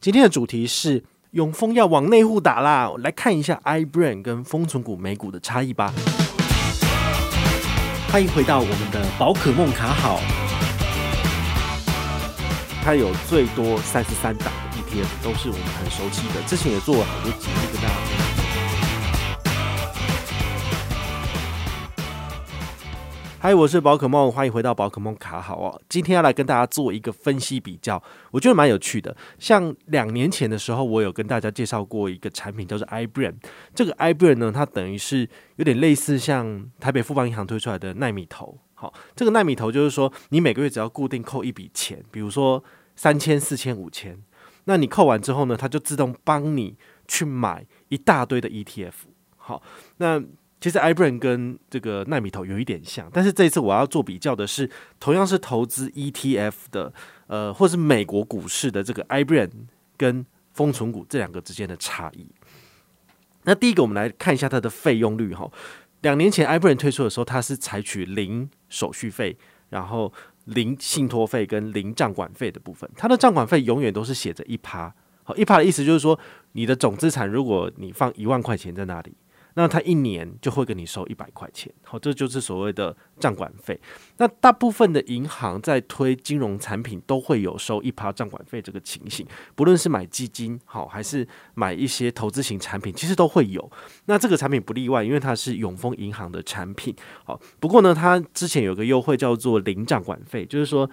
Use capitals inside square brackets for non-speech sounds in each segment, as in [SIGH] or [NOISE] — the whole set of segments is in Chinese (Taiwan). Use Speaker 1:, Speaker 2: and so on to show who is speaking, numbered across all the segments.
Speaker 1: 今天的主題是永豐要往內戶打啦，來看一下 ibrAin 跟豐存股美股的差異吧。歡迎回到我們的寶可孟卡好，它有最多三十三檔的 ETF，都是我們很熟悉的，之前也做了很多節目，那個。嗨，Hi, 我是寶可孟，歡迎回到寶可孟卡好哦。今天要來跟大家做一個分析比較，我覺得蠻有趣的。像兩年前的時候，我有跟大家介紹過一個產品，叫、就、做、是、ibrAin。這個 ibrAin 呢，它等於是有點類似像台北富邦銀行推出來的奈米投。好，這個奈米投就是說，你每個月只要固定扣一筆錢，比如說三千、四千、五千，那你扣完之後呢，它就自動幫你去買一大堆的 ETF。好，那。其實 ibrAin 跟這個奈米投有一點像，但是這一次我要做比較的是，同樣是投資 ETF 的，呃，或是美國股市的這個 ibrAin 跟豐存股這兩個之間的差異。那第一個，我們來看一下它的費用率哈、哦。兩年前 ibrAin 推出的時候，它是採取零手續費，然後零信託費跟零賬管費的部分。它的賬管費永遠都是寫着一趴，好，一趴的意思就是說，你的總資產如果你放一萬塊錢在那裡。那他一年就會給你收一百塊錢，好，這就是所謂的賬管費。那大部分的銀行在推金融產品都會有收一趴賬管費這個情形，不論是買基金好，還是買一些投資型產品，其實都會有。那這個產品不例外，因為它是永豐銀行的產品。好，不過呢，它之前有個優惠叫做零賬管費，就是說。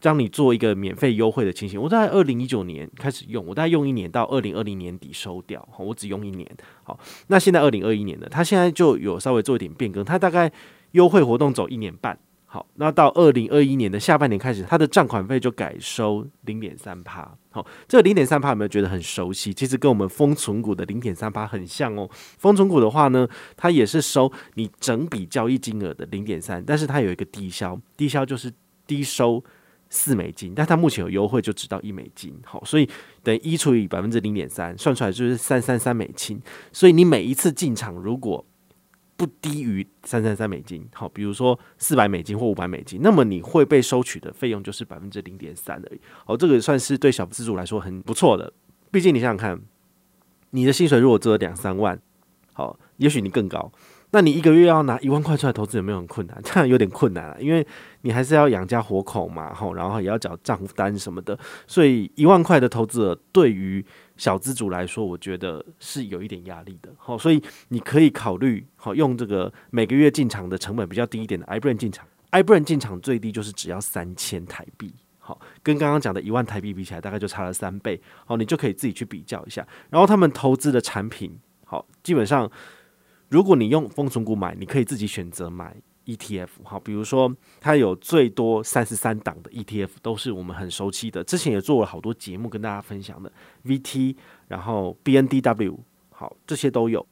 Speaker 1: 將你做一個免費優惠的情形，我在二零一九年開始用，我大概用一年到二零二零年底收掉。好，我只用一年。好，那現在二零二一年的，他現在就有稍微做一點變更，他大概優惠活動走一年半。好，那到二零二一年的下半年開始，他的賬款費就改收零點三趴。好，這個零點三趴有沒有覺得很熟悉？其實跟我們豐存股的零點三趴很像哦。豐存股的話呢，它也是收你整筆交易金額的零點三，但是它有一個低消，低消就是低收。四美金，但它目前有優惠，就只到一美金。好，所以等於一除以百分之零點三，算出來就是三三三美金。所以你每一次進場，如果不低於三三三美金，好，比如說四百美金或五百美金，那麼你會被收取的費用就是百分之零點三而已。好，這個算是對小資族來說很不錯的。畢竟你想想看，你的薪水如果只有兩三萬，好，也許你更高。那你一個月要拿一萬塊出來投資，有沒有很困難？當 [LAUGHS] 然有點困難了啊，因為你還是要養家活口嘛，吼，然後也要找賬單什麼的，所以一萬塊的投資者對於小資族來說，我覺得是有一點壓力的，好，所以你可以考慮，好，用這個每個月進場的成本比較低一點的 ibrAin 進場，ibrAin 進場最低就是只要三千台幣，好，跟剛剛講的一萬台幣比起來，大概就差了三倍，好，你就可以自己去比較一下。然後他們投資的產品，好，基本上。如果你用豐存股買，你可以自己選擇買 ETF，好，比如說它有最多三十三檔的 ETF，都是我們很熟悉的，之前也做了好多節目跟大家分享的 VT，然後 BNDW，好，這些都有。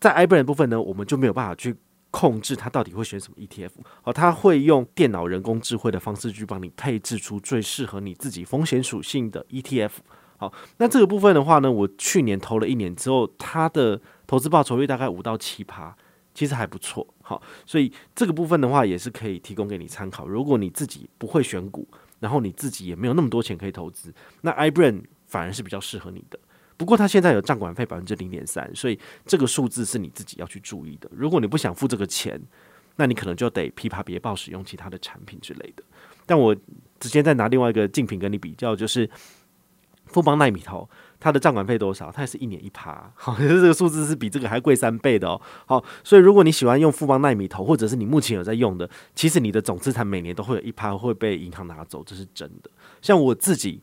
Speaker 1: 在 ibrAin 部分呢，我們就沒有辦法去控制它到底會選什麼 ETF，好，它會用電腦人工智慧的方式去幫你配置出最適合你自己風險屬性的 ETF。好，那這個部分的話呢，我去年投了一年之後，它的投資報酬率大概五到七趴，其實還不錯。好，所以這個部分的話也是可以提供給你參考。如果你自己不會選股，然後你自己也沒有那麼多錢可以投資，那 ibrAin 反而是比較適合你的。不過它現在有賬管費百分之零點三，所以這個數字是你自己要去注意的。如果你不想付這個錢，那你可能就得琵琶別抱使用其他的產品之類的。但我直接再拿另外一個競品跟你比較，就是。富邦奈米投，它的賬管費多少？它也是一年一趴啊，好，其實這個數字是比這個還貴三倍的哦。好，所以如果你喜歡用富邦奈米投，或者是你目前有在用的，其實你的總資產每年都會有一趴會被銀行拿走，這是真的。像我自己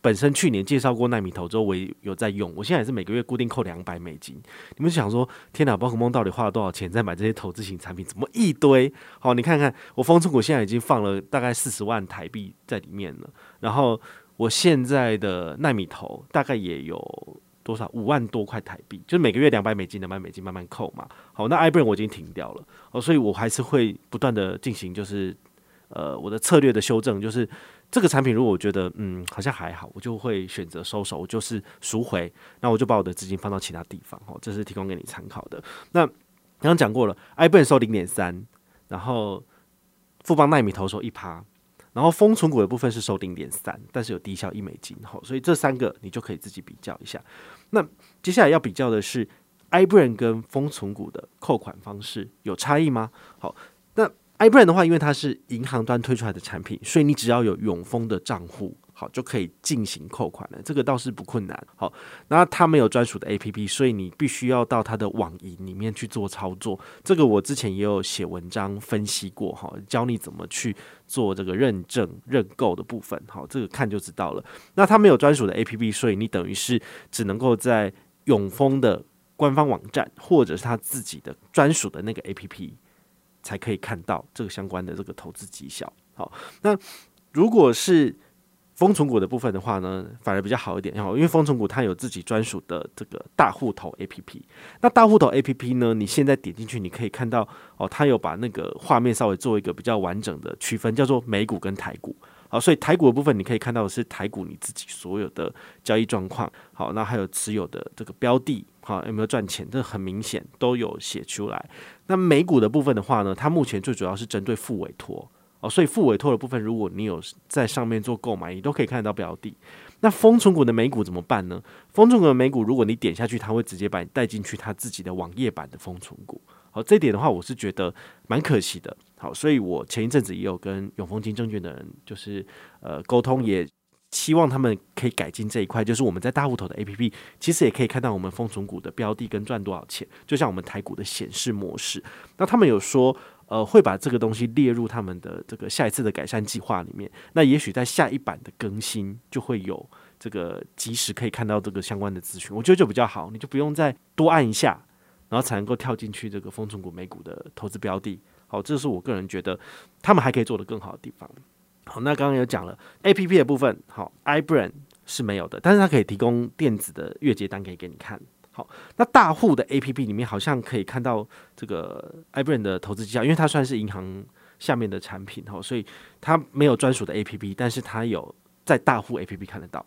Speaker 1: 本身去年介紹過奈米投之後，我也有在用，我現在也是每個月固定扣兩百美金。你們想說，天哪，寶可孟到底花了多少錢在買這些投資型產品？怎麼一堆？好，你看看我豐存股現在已經放了大概四十萬台幣在裡面了，然後。我現在的奈米投大概也有多少五萬多塊台幣，就是每個月兩百美金，兩百美金慢慢扣嘛。好，那 ibrAin 我已經停掉了哦，所以我還是會不斷的進行，就是呃我的策略的修正。就是這個產品如果我覺得嗯好像還好，我就會選擇收手，我就是贖回，那我就把我的資金放到其他地方。哦，這是提供給你參考的。那剛剛講過了，ibrAin 收零點三，然後富邦奈米投收一趴。然後豐存股的部分是收零點三，但是有低消一美金，好，所以這三個你就可以自己比較一下。那接下來要比較的是，ibrAin 跟豐存股的扣款方式有差異嗎？好。ibrAin 的話，因為它是銀行端推出來的產品，所以你只要有永豐的賬戶，好，就可以進行扣款了。這個倒是不困難。好，那它沒有專屬的 APP，所以你必須要到它的網銀裡面去做操作。這個我之前也有寫文章分析過，哈，教你怎麼去做這個認證認購的部分。好，這個看就知道了。那它沒有專屬的 APP，所以你等於是只能夠在永豐的官方網站或者是他自己的專屬的那個 APP，才可以看到這個相關的這個投資績效。好，那如果是豐存股的部分的話呢，反而比較好一點。哦，因為豐存股它有自己專屬的這個大戶頭 APP。那大戶頭 APP 呢，你現在點進去，你可以看到哦，它有把那個畫面稍微做一個比較完整的區分，叫做美股跟台股。好，所以台股的部分，你可以看到的是台股你自己所有的交易狀況。好，那還有持有的這個標的，哈，有沒有賺錢？這個很明顯都有寫出來。那美股的部分的話呢，它目前最主要是針對複委託哦，所以複委託的部分，如果你有在上面做購買，你都可以看得到標的。那豐存股的美股怎麼辦呢？豐存股的美股，如果你點下去，它會直接把你帶進去它自己的網頁版的豐存股。好，這點的話，我是覺得蠻可惜的。好，所以我前一陣子也有跟永豐金證券的人，就是呃溝通，也期望他們可以改進這一塊，就是我們在大戶頭的 APP，其實也可以看到我們豐存股的標的跟賺多少錢，就像我們台股的顯示模式。那他們有說，呃，會把這個東西列入他們的這個下一次的改善計劃裡面。那也許在下一版的更新，就會有這個即時可以看到這個相關的資訊。我覺得就比較好，你就不用再多按一下，然後才能夠跳進去這個豐存股美股的投資標的。好，這是我個人覺得，他們還可以做得更好的地方。好，那剛剛有講了 A P P 的部分。好，ibrAin 是沒有的，但是它可以提供電子的月結單可以給你看。好，那大戶的 A P P 裡面好像可以看到這個 ibrAin 的投資績效，因為它算是銀行下面的產品，哈，所以它沒有專屬的 A P P，但是它有在大戶 A P P 看得到。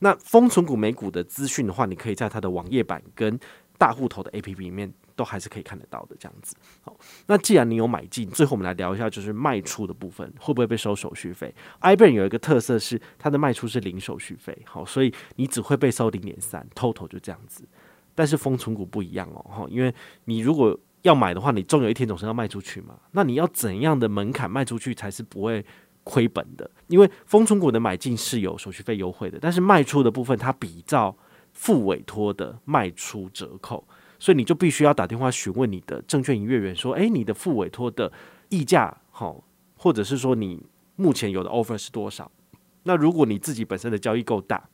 Speaker 1: 那豐存股美股的資訊的話，你可以在它的網頁版跟大戶頭的 A P P 裡面。都還是可以看得到的這樣子。好，那既然你有買進，最後我們來聊一下，就是賣出的部分會不會被收手續費？ibrAin 有一個特色是它的賣出是零手續費，好，所以你只會被收零點三，total 就這樣子。但是豐存股不一樣哦，因為你如果要買的話，你終有一天總是要賣出去嘛。那你要怎樣的門檻賣出去才是不會虧本的？因為豐存股的買進是有手續費優惠的，但是賣出的部分它比照複委托的賣出折扣。所以你就必須要打電話詢問你的證券營業員，說：“誒、欸，你的複委託的議價，好，或者是說你目前有的 offer 是多少？那如果你自己本身的交易夠大，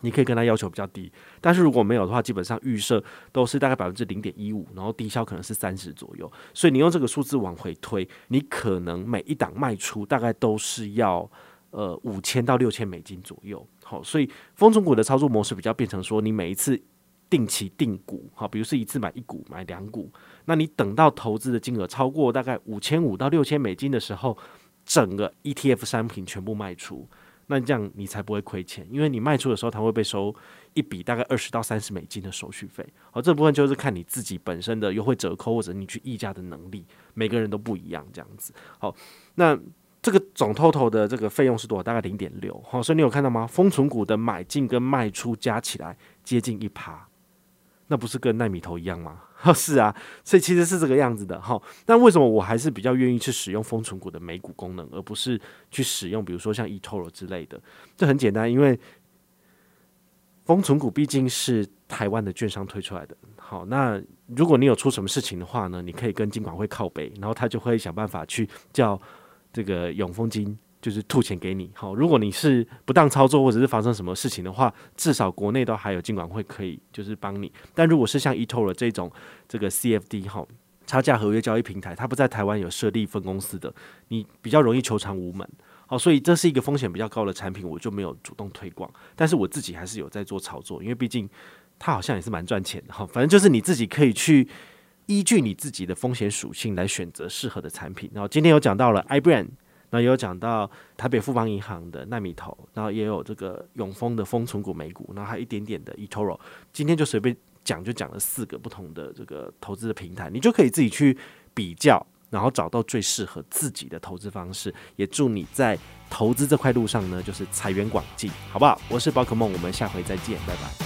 Speaker 1: 你可以跟他要求比較低。但是如果沒有的話，基本上預設都是大概百分之零點一五，然後低消可能是三十左右。所以你用這個數字往回推，你可能每一檔賣出大概都是要呃五千到六千美金左右。好、哦，所以豐存股的操作模式比較變成說，你每一次。定期定股，好，比如是一次買一股，買兩股，那你等到投資的金額超過大概五千五到六千美金的時候，整個 ETF 商品全部賣出，那這樣你才不會虧錢，因為你賣出的時候，它會被收一筆大概二十到三十美金的手續費，好，這部分就是看你自己本身的優惠折扣或者你去議價的能力，每個人都不一樣，這樣子，好，那這個總 total 的這個費用是多少？大概零點六，好，所以你有看到嗎？豐存股的買進跟賣出加起來接近一趴。那不是跟奈米投一樣嗎？是啊，所以其實是這個樣子的哈。但為什麼我還是比較願意去使用豐存股的美股功能，而不是去使用比如說像 eToro 之類的？這很簡單，因為豐存股畢竟是台灣的券商推出來的。好，那如果你有出什麼事情的話呢，你可以跟金管會靠北，然後他就會想辦法去叫這個永豐金。就是吐錢給你，好，如果你是不當操作或者是發生什麼事情的話，至少國內都還有金管會可以就是幫你。但如果是像 eToro 這種這個 CFD 哈差價合約交易平台，它不在台灣有設立分公司的，你比較容易求償無門。好，所以這是一個風險比較高的產品，我就沒有主動推廣。但是我自己還是有在做操作，因為畢竟它好像也是蠻賺錢的哈。反正就是你自己可以去依據你自己的風險屬性來選擇適合的產品。然後今天有講到了 ibrAin 那也有講到台北富邦銀行的奈米投，然後也有這個永豐的豐存股美股，然後還有一點點的 eToro，今天就隨便講，就講了四個不同的這個投資的平台，你就可以自己去比較，然後找到最適合自己的投資方式。也祝你在投資這塊路上呢，就是財源廣進，好不好？我是寶可孟，我們下回再見，拜拜。